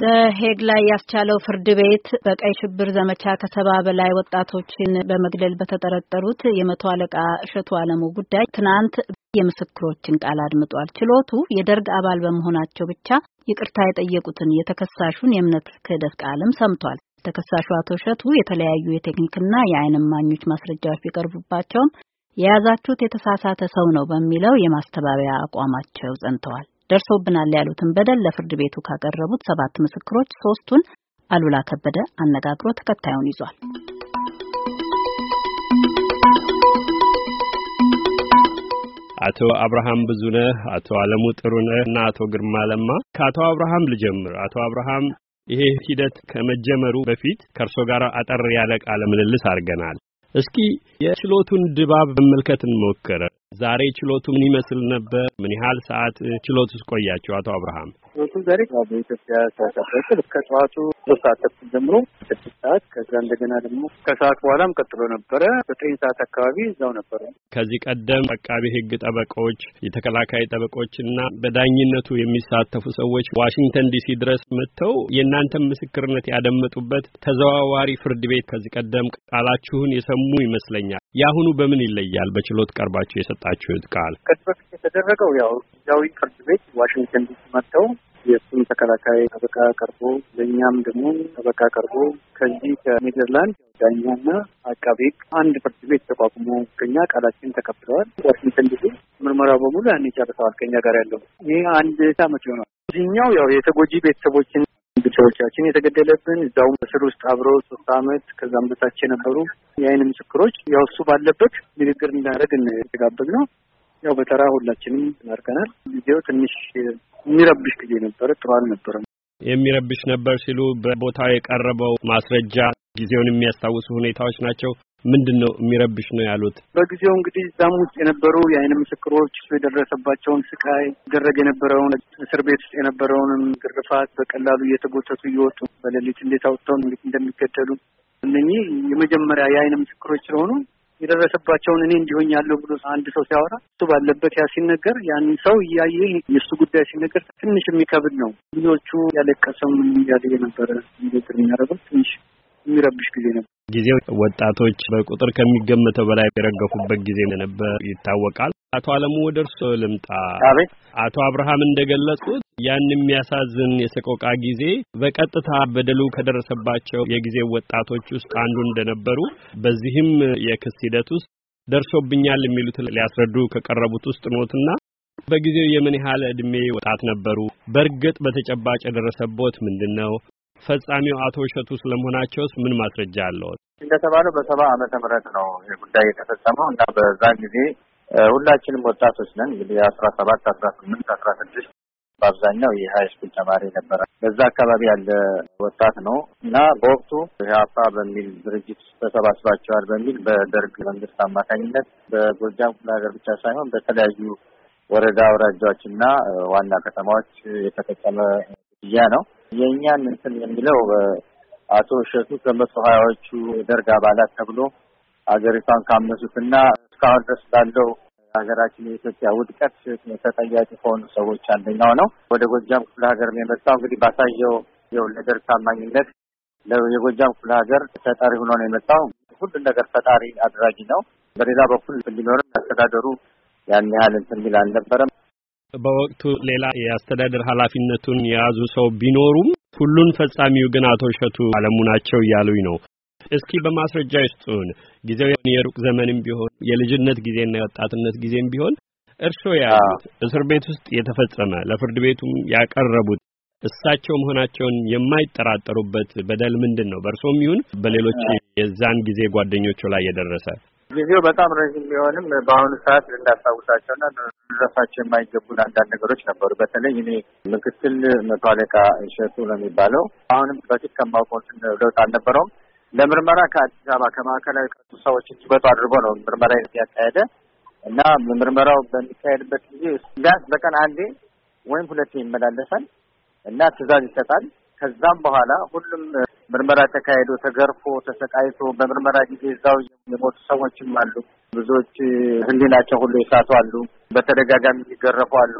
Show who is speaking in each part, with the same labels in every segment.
Speaker 1: በሄግ ላይ ያስቻለው ፍርድ ቤት በቀይ ሽብር ዘመቻ ከሰባ በላይ ወጣቶችን በመግደል በተጠረጠሩት የመቶ አለቃ እሸቱ አለሙ ጉዳይ ትናንት የምስክሮችን ቃል አድምጧል። ችሎቱ የደርግ አባል በመሆናቸው ብቻ ይቅርታ የጠየቁትን የተከሳሹን የእምነት ክህደት ቃልም ሰምቷል። ተከሳሹ አቶ እሸቱ የተለያዩ የቴክኒክና የዓይን እማኞች ማስረጃዎች ቢቀርቡባቸውም የያዛችሁት የተሳሳተ ሰው ነው በሚለው የማስተባበያ አቋማቸው ጸንተዋል። ደርሶብናል ያሉትን በደል ለፍርድ ቤቱ ካቀረቡት ሰባት ምስክሮች ሶስቱን አሉላ ከበደ አነጋግሮ ተከታዩን ይዟል።
Speaker 2: አቶ አብርሃም ብዙነህ፣ አቶ አለሙ ጥሩነህ እና አቶ ግርማ ለማ። ከአቶ አብርሃም ልጀምር። አቶ አብርሃም ይሄ ሂደት ከመጀመሩ በፊት ከእርሶ ጋር አጠር ያለ ቃለ ምልልስ አድርገናል። እስኪ የችሎቱን ድባብ መመልከት እንሞክር። ዛሬ ችሎቱ ምን ይመስል ነበር? ምን ያህል ሰዓት ችሎት ውስጥ ቆያችሁ? አቶ አብርሃም
Speaker 3: ዛሬ በኢትዮጵያ ሰዓት ከጠዋቱ ሶስት ሰዓት ተኩል ጀምሮ ስድስት ሰዓት ከዛ እንደገና ደግሞ ከሰዓት በኋላም ቀጥሎ ነበረ። ዘጠኝ ሰዓት አካባቢ እዛው ነበረ።
Speaker 2: ከዚህ ቀደም አቃቢ ህግ ጠበቆች፣ የተከላካይ ጠበቆች እና በዳኝነቱ የሚሳተፉ ሰዎች ዋሽንግተን ዲሲ ድረስ መጥተው የእናንተን ምስክርነት ያደመጡበት ተዘዋዋሪ ፍርድ ቤት ከዚህ ቀደም ቃላችሁን የሰሙ ይመስለኛል። የአሁኑ በምን ይለያል? በችሎት ቀርባችሁ የሰጣችሁት ቃል ከዚህ
Speaker 3: በፊት የተደረገው ያው እዚያዊ ፍርድ ቤት ዋሽንግተን ዲሲ መጥተው የእሱም ተከላካይ ጠበቃ ቀርቦ ለእኛም ደግሞ ጠበቃ ቀርቦ ከዚህ ከኔዘርላንድ ዳኛና አቃቤ አንድ ፍርድ ቤት ተቋቁሞ ከኛ ቃላችን ተቀብለዋል። ዋሽንግተን ዲሲ ምርመራው በሙሉ ያኔ ጨርሰዋል። ከኛ ጋር ያለው ይህ አንድ አመት ይሆናል። እዚህኛው ያው የተጎጂ ቤተሰቦችን ቤተሰቦቻችን የተገደለብን እዛውም በስር ውስጥ አብሮ ሶስት አመት ከዛም በታች የነበሩ የአይን ምስክሮች ያው እሱ ባለበት ንግግር እንዳደረግ የተጋበዝ ነው። ያው በተራ ሁላችንም ተመርከናል። ጊዜው ትንሽ የሚረብሽ ጊዜ ነበረ። ጥሩ አልነበረም።
Speaker 2: የሚረብሽ ነበር ሲሉ በቦታው የቀረበው ማስረጃ ጊዜውን የሚያስታውሱ ሁኔታዎች ናቸው። ምንድን ነው የሚረብሽ ነው ያሉት?
Speaker 3: በጊዜው እንግዲህ እዛም ውስጥ የነበሩ የአይን ምስክሮች የደረሰባቸውን ስቃይ ይደረግ የነበረውን እስር ቤት ውስጥ የነበረውንም ግርፋት በቀላሉ እየተጎተቱ እየወጡ በሌሊት እንዴት አውጥተው እንዴት እንደሚገደሉ እነኚህ የመጀመሪያ የአይን ምስክሮች ስለሆኑ የደረሰባቸውን እኔ እንዲሆኝ ያለው ብሎ አንድ ሰው ሲያወራ እሱ ባለበት ያ ሲነገር ያን ሰው እያየ የእሱ ጉዳይ ሲነገር ትንሽ የሚከብድ ነው። ብዙዎቹ ያለቀሰም እያለ ነበረ ንግግር የሚያደርገው ትንሽ የሚረብሽ ጊዜ ነበር።
Speaker 2: ጊዜው ወጣቶች በቁጥር ከሚገመተው በላይ የረገፉበት ጊዜ እንደነበር ይታወቃል። አቶ አለሙ ወደ እርስዎ ልምጣ። አቶ አብርሃም እንደገለጹት ያን የሚያሳዝን የሰቆቃ ጊዜ በቀጥታ በደሉ ከደረሰባቸው የጊዜ ወጣቶች ውስጥ አንዱ እንደነበሩ በዚህም የክስ ሂደት ውስጥ ደርሶብኛል የሚሉት ሊያስረዱ ከቀረቡት ውስጥ ኖትና በጊዜው የምን ያህል እድሜ ወጣት ነበሩ? በእርግጥ በተጨባጭ የደረሰቦት ምንድን ነው? ፈጻሚው አቶ እሸቱ ስለመሆናቸውስ ምን ማስረጃ አለዎት?
Speaker 1: እንደተባለው በሰባ ዓመተ ምህረት ነው ጉዳይ የተፈጸመው እና በዛ ጊዜ ሁላችንም ወጣቶች ነን። እንግዲህ አስራ ሰባት አስራ ስምንት አስራ ስድስት በአብዛኛው የሀይ ስኩል ተማሪ ነበረ። በዛ አካባቢ ያለ ወጣት ነው እና በወቅቱ ኢህአፓ በሚል ድርጅት ተሰባስባቸዋል በሚል በደርግ መንግስት አማካኝነት በጎጃም ክፍለ ሀገር ብቻ ሳይሆን በተለያዩ ወረዳ አውራጃዎች እና ዋና ከተማዎች የተፈጸመ ግድያ ነው። የእኛን እንትን የሚለው አቶ እሸቱ ከመቶ ሀያዎቹ የደርግ አባላት ተብሎ ካመሱት ካመሱትና እስካሁን ድረስ ባለው ሀገራችን የኢትዮጵያ ውድቀት ተጠያቂ ከሆኑ ሰዎች አንደኛው ነው። ወደ ጎጃም ክፍለ ሀገር የመጣው እንግዲህ ባሳየው የወለደር ታማኝነት የጎጃም ክፍለ ሀገር ተጠሪ ሆኖ ነው የመጣው። ሁሉን ነገር ፈጣሪ አድራጊ ነው። በሌላ በኩል ሊኖርም አስተዳደሩ ያን
Speaker 2: ያህል እንትን የሚል አልነበረም። በወቅቱ ሌላ የአስተዳደር ኃላፊነቱን የያዙ ሰው ቢኖሩም ሁሉን ፈጻሚው ግን አቶ እሸቱ አለሙ ናቸው እያሉኝ ነው። እስኪ በማስረጃ ይስጡን። ጊዜው የሩቅ ዘመንም ቢሆን የልጅነት ጊዜና የወጣትነት ጊዜም ቢሆን እርስዎ ያሉት እስር ቤት ውስጥ የተፈጸመ ለፍርድ ቤቱም ያቀረቡት እሳቸው መሆናቸውን የማይጠራጠሩበት በደል ምንድን ነው? ይሁን በሌሎች የዛን ጊዜ ጓደኞቹ ላይ የደረሰ
Speaker 1: ጊዜው በጣም ረዥም ቢሆንም በአሁኑ ሰዓት ልናስታውሳቸውና ልንረሳቸው የማይገቡን አንዳንድ ነገሮች ነበሩ። በተለይ እኔ ምክትል መቶ አለቃ እሸቱ ነው የሚባለው አሁንም በፊት ከማውቀው ለውጥ አልነበረውም። ለምርመራ ከአዲስ አበባ ከማዕከላዊ ከቱ ሰዎች እንዲመጡ አድርጎ ነው ምርመራ ያካሄደ እና ምርመራው በሚካሄድበት ጊዜ ቢያንስ በቀን አንዴ ወይም ሁለቴ ይመላለሳል እና ትዕዛዝ ይሰጣል። ከዛም በኋላ ሁሉም ምርመራ ተካሄዶ ተገርፎ ተሰቃይቶ በምርመራ ጊዜ እዛው የሞቱ ሰዎችም አሉ። ብዙዎች ሕሊናቸው ሁሉ የሳቱ አሉ። በተደጋጋሚ የሚገረፉ አሉ።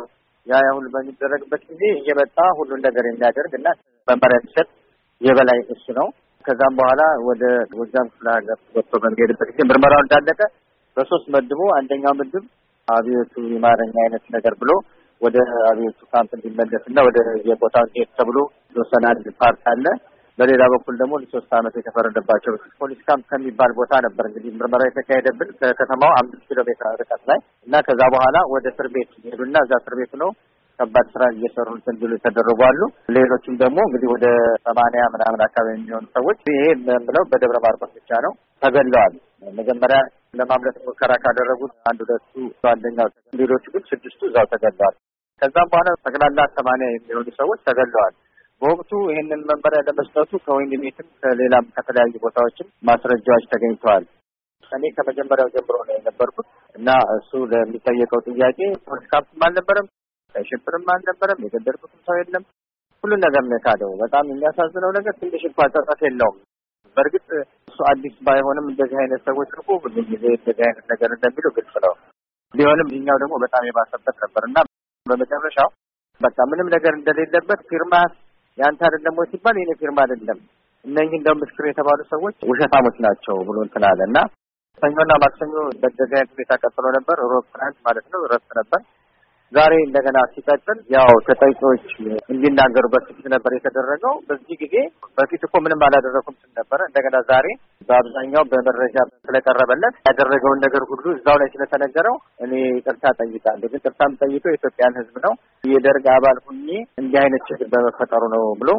Speaker 1: ያ ያ ሁሉ በሚደረግበት ጊዜ እየመጣ ሁሉን ነገር የሚያደርግ እና መመሪያ የሚሰጥ የበላይ እሱ ነው። ከዛም በኋላ ወደ ጎጃም ክፍለ ሀገር ወጥቶ በሚሄድበት ጊዜ ምርመራው እንዳለቀ በሶስት መድቦ አንደኛው ምድብ አብዮቱ የማረኛ አይነት ነገር ብሎ ወደ አብዮቱ ካምፕ እንዲመለስ እና ወደ የቦታ እንዲሄድ ተብሎ የተወሰነ አንድ ፓርት አለ። በሌላ በኩል ደግሞ ለሶስት ዓመት የተፈረደባቸው ፖሊስ ካምፕ ከሚባል ቦታ ነበር እንግዲህ ምርመራ የተካሄደብን ከከተማው አምስት ኪሎ ሜትር ርቀት ላይ እና ከዛ በኋላ ወደ እስር ቤት ሄዱና እዛ እስር ቤት ነው ከባድ ስራ እየሰሩ እንዲሉ ተደረጓሉ። አሉ። ደግሞ እንግዲህ ወደ ሰማንያ ምናምን አካባቢ የሚሆኑ ሰዎች ይሄ የምለው በደብረ ማርቆስ ብቻ ነው ተገለዋል። መጀመሪያ ለማምለጥ ሙከራ ካደረጉት አንድ ሁለቱ፣ አንደኛው፣ ሌሎቹ ግን ስድስቱ እዛው ተገለዋል። ከዛም በኋላ ጠቅላላ ሰማንያ የሚሆኑ ሰዎች ተገለዋል። በወቅቱ ይህንን መመሪያ ለመስጠቱ ከወይን ቤትም ከሌላም ከተለያዩ ቦታዎችም ማስረጃዎች ተገኝተዋል። እኔ ከመጀመሪያው ጀምሮ ነው የነበርኩት እና እሱ ለሚጠየቀው ጥያቄ ፖለቲካ አልነበረም። ሻይሸብርም አልነበረም። የገደልኩትም ሰው የለም። ሁሉን ነገር ነካደው። በጣም የሚያሳዝነው ነገር ትንሽ እንኳ ጸጸት የለውም። በእርግጥ እሱ አዲስ ባይሆንም እንደዚህ አይነት ሰዎች እኮ ሁሉ ጊዜ እንደዚህ አይነት ነገር እንደሚሉ ግልጽ ነው። ቢሆንም ይህኛው ደግሞ በጣም የባሰበት ነበር እና በመጨረሻው በቃ ምንም ነገር እንደሌለበት ፊርማ ያንተ አይደለም ወይ ሲባል የኔ ፊርማ አይደለም እነኚህ እንደው ምስክር የተባሉ ሰዎች ውሸታሞች ናቸው ብሎ እንትን አለ እና ሰኞና ማክሰኞ በደጋ ጊዜ ታቀጥሎ ነበር። ሮብ ትናንት ማለት ነው ረፍት ነበር። ዛሬ እንደገና ሲቀጥል ያው ተጠቂዎች እንዲናገሩ በፊት ነበር የተደረገው። በዚህ ጊዜ በፊት እኮ ምንም አላደረኩም ስል ነበረ። እንደገና ዛሬ በአብዛኛው በመረጃ ስለቀረበለት ያደረገውን ነገር ሁሉ እዛው ላይ ስለተነገረው እኔ ይቅርታ ጠይቃለሁ። ግን ይቅርታ የምጠይቀው የኢትዮጵያን ሕዝብ ነው። የደርግ አባል ሁኜ እንዲህ አይነት ችግር በመፈጠሩ ነው ብሎ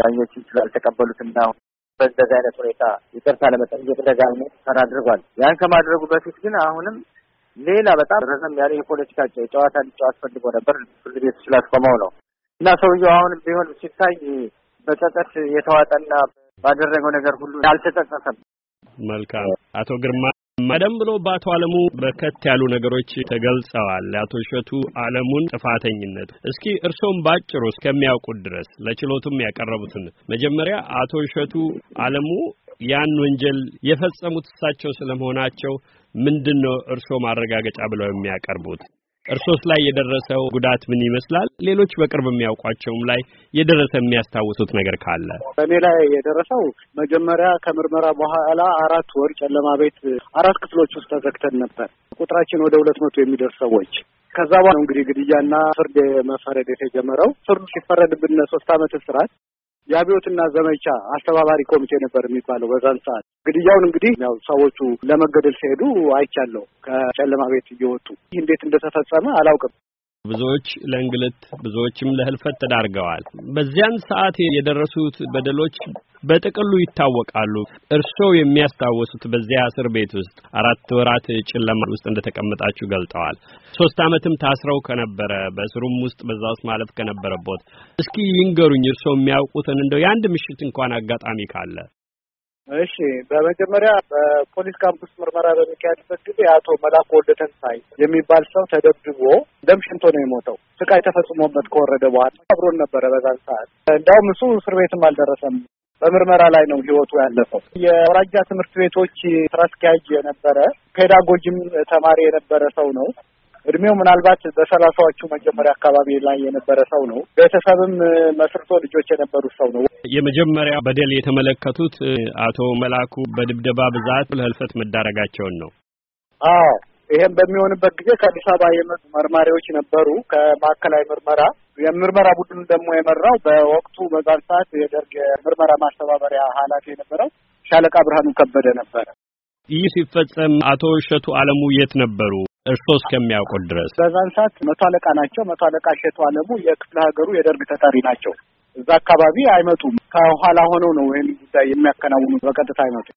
Speaker 1: ዳኞችን ስላልተቀበሉትና በእንደዚህ አይነት ሁኔታ ይቅርታ ለመጠየቅ ደጋግሞ ተናድርጓል። ያን ከማድረጉ በፊት ግን አሁንም ሌላ በጣም ረዘም ያለ የፖለቲካ ጨዋታ ሊጫወት ፈልጎ ነበር። ፍርድ ቤት ስላስቆመው ነው እና ሰውየው አሁንም ቢሆን ሲታይ በጸጸት የተዋጠና ባደረገው ነገር ሁሉ አልተጸጸተም።
Speaker 2: መልካም አቶ ግርማ ቀደም ብሎ በአቶ አለሙ በርከት ያሉ ነገሮች ተገልጸዋል። አቶ እሸቱ አለሙን ጥፋተኝነት እስኪ እርሶም ባጭሩ እስከሚያውቁት ድረስ ለችሎቱም ያቀረቡትን መጀመሪያ አቶ እሸቱ አለሙ ያን ወንጀል የፈጸሙት እሳቸው ስለመሆናቸው ምንድን ነው እርስዎ ማረጋገጫ ብለው የሚያቀርቡት? እርሶስ ላይ የደረሰው ጉዳት ምን ይመስላል? ሌሎች በቅርብ የሚያውቋቸውም ላይ የደረሰ የሚያስታውሱት ነገር ካለ?
Speaker 3: በእኔ ላይ የደረሰው መጀመሪያ ከምርመራ በኋላ አራት ወር ጨለማ ቤት አራት ክፍሎች ውስጥ ተዘግተን ነበር። ቁጥራችን ወደ ሁለት መቶ የሚደርስ ሰዎች ከዛ በኋላ እንግዲህ ግድያና ፍርድ መፈረድ የተጀመረው ፍርዱ ሲፈረድብን ሶስት ዓመት እስራት የአብዮትና ዘመቻ አስተባባሪ ኮሚቴ ነበር የሚባለው በዛን ሰዓት። ግድያውን እንግዲህ ያው ሰዎቹ ለመገደል ሲሄዱ አይቻለሁ። ከጨለማ ቤት እየወጡ ይህ እንዴት እንደተፈጸመ አላውቅም።
Speaker 2: ብዙዎች ለእንግልት ብዙዎችም ለህልፈት ተዳርገዋል። በዚያን ሰዓት የደረሱት በደሎች በጥቅሉ ይታወቃሉ። እርስዎ የሚያስታውሱት በዚያ እስር ቤት ውስጥ አራት ወራት ጨለማ ውስጥ እንደተቀመጣችሁ ገልጠዋል። ሶስት ዓመትም ታስረው ከነበረ በእስሩም ውስጥ በዛ ውስጥ ማለፍ ከነበረበት እስኪ ይንገሩኝ እርስዎ የሚያውቁትን እንደው የአንድ ምሽት እንኳን አጋጣሚ ካለ
Speaker 3: እሺ በመጀመሪያ በፖሊስ ካምፕስ ምርመራ በሚካሄድበት ጊዜ አቶ መላኩ ወልደ ተንሳይ የሚባል ሰው ተደብድቦ ደም ሽንቶ ነው የሞተው። ስቃይ ተፈጽሞበት ከወረደ በኋላ አብሮን ነበረ። በዛን ሰዓት እንዳውም እሱ እስር ቤትም አልደረሰም። በምርመራ ላይ ነው ህይወቱ ያለፈው። የአውራጃ ትምህርት ቤቶች ስራ አስኪያጅ የነበረ ፔዳጎጂም ተማሪ የነበረ ሰው ነው። እድሜው ምናልባት በሰላሳዎቹ መጀመሪያ አካባቢ ላይ የነበረ ሰው ነው። ቤተሰብም መስርቶ ልጆች የነበሩት ሰው ነው።
Speaker 2: የመጀመሪያ በደል የተመለከቱት አቶ መላኩ በድብደባ ብዛት ለህልፈት መዳረጋቸውን ነው።
Speaker 3: አዎ ይሄም በሚሆንበት ጊዜ ከአዲስ አበባ የመጡ መርማሪዎች ነበሩ። ከማዕከላዊ ምርመራ የምርመራ ቡድኑ ደግሞ የመራው በወቅቱ በዛን ሰዓት የደርግ የምርመራ ማስተባበሪያ ኃላፊ የነበረው ሻለቃ ብርሃኑ ከበደ ነበረ።
Speaker 2: ይህ ሲፈጸም አቶ እሸቱ አለሙ የት ነበሩ? እርስዎ እስከሚያውቁት ድረስ
Speaker 3: በዛን ሰዓት መቶ አለቃ ናቸው። መቶ አለቃ እሸቱ አለሙ የክፍለ ሀገሩ የደርግ ተጠሪ ናቸው። እዛ አካባቢ አይመጡም። ከኋላ ሆነው ነው ይህን ጉዳይ የሚያከናውኑ፣ በቀጥታ አይመጡም።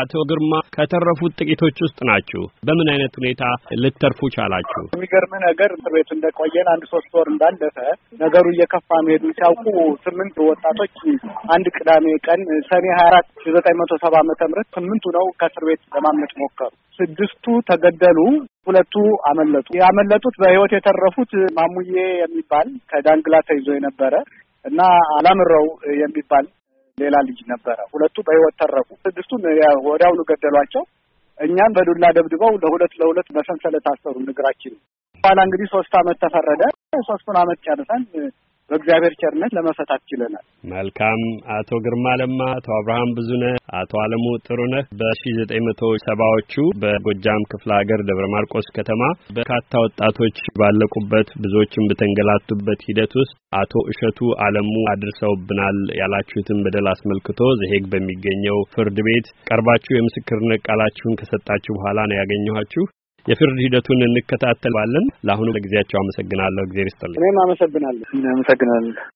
Speaker 2: አቶ ግርማ ከተረፉት ጥቂቶች ውስጥ ናችሁ። በምን አይነት ሁኔታ ልትተርፉ ቻላችሁ?
Speaker 3: የሚገርም ነገር እስር ቤቱ እንደቆየን አንድ ሶስት ወር እንዳለፈ ነገሩ እየከፋ መሄዱ ሲያውቁ ስምንት ወጣቶች አንድ ቅዳሜ ቀን ሰኔ ሀያ አራት ዘጠኝ መቶ ሰባ ዓመተ ምህረት ስምንቱ ነው ከእስር ቤት ለማምለጥ ሞከሩ። ስድስቱ ተገደሉ። ሁለቱ አመለጡ። ያመለጡት በህይወት የተረፉት ማሙዬ የሚባል ከዳንግላ ተይዞ የነበረ እና አላምረው የሚባል ሌላ ልጅ ነበረ። ሁለቱ በህይወት ተረፉ። ስድስቱን ወዲያውኑ ገደሏቸው። እኛም በዱላ ደብድበው ለሁለት ለሁለት በሰንሰለት አሰሩ። ንግራችን በኋላ እንግዲህ ሶስት አመት ተፈረደ። ሶስቱን አመት ጨርሰን በእግዚአብሔር ቸርነት ለመፈታት ችለናል።
Speaker 2: መልካም አቶ ግርማ ለማ፣ አቶ አብርሃም ብዙነህ፣ አቶ አለሙ ጥሩነህ በሺ ዘጠኝ መቶ ሰባዎቹ በጎጃም ክፍለ ሀገር ደብረ ማርቆስ ከተማ በርካታ ወጣቶች ባለቁበት ብዙዎችም በተንገላቱበት ሂደት ውስጥ አቶ እሸቱ አለሙ አድርሰውብናል ያላችሁትን በደል አስመልክቶ ዘሄግ በሚገኘው ፍርድ ቤት ቀርባችሁ የምስክርነት ቃላችሁን ከሰጣችሁ በኋላ ነው ያገኘኋችሁ። የፍርድ ሂደቱን እንከታተላለን። ለአሁኑ ለጊዜያቸው አመሰግናለሁ። እግዜር ይስጥልኝ።
Speaker 3: እኔም አመሰግናለሁ። አመሰግናለሁ።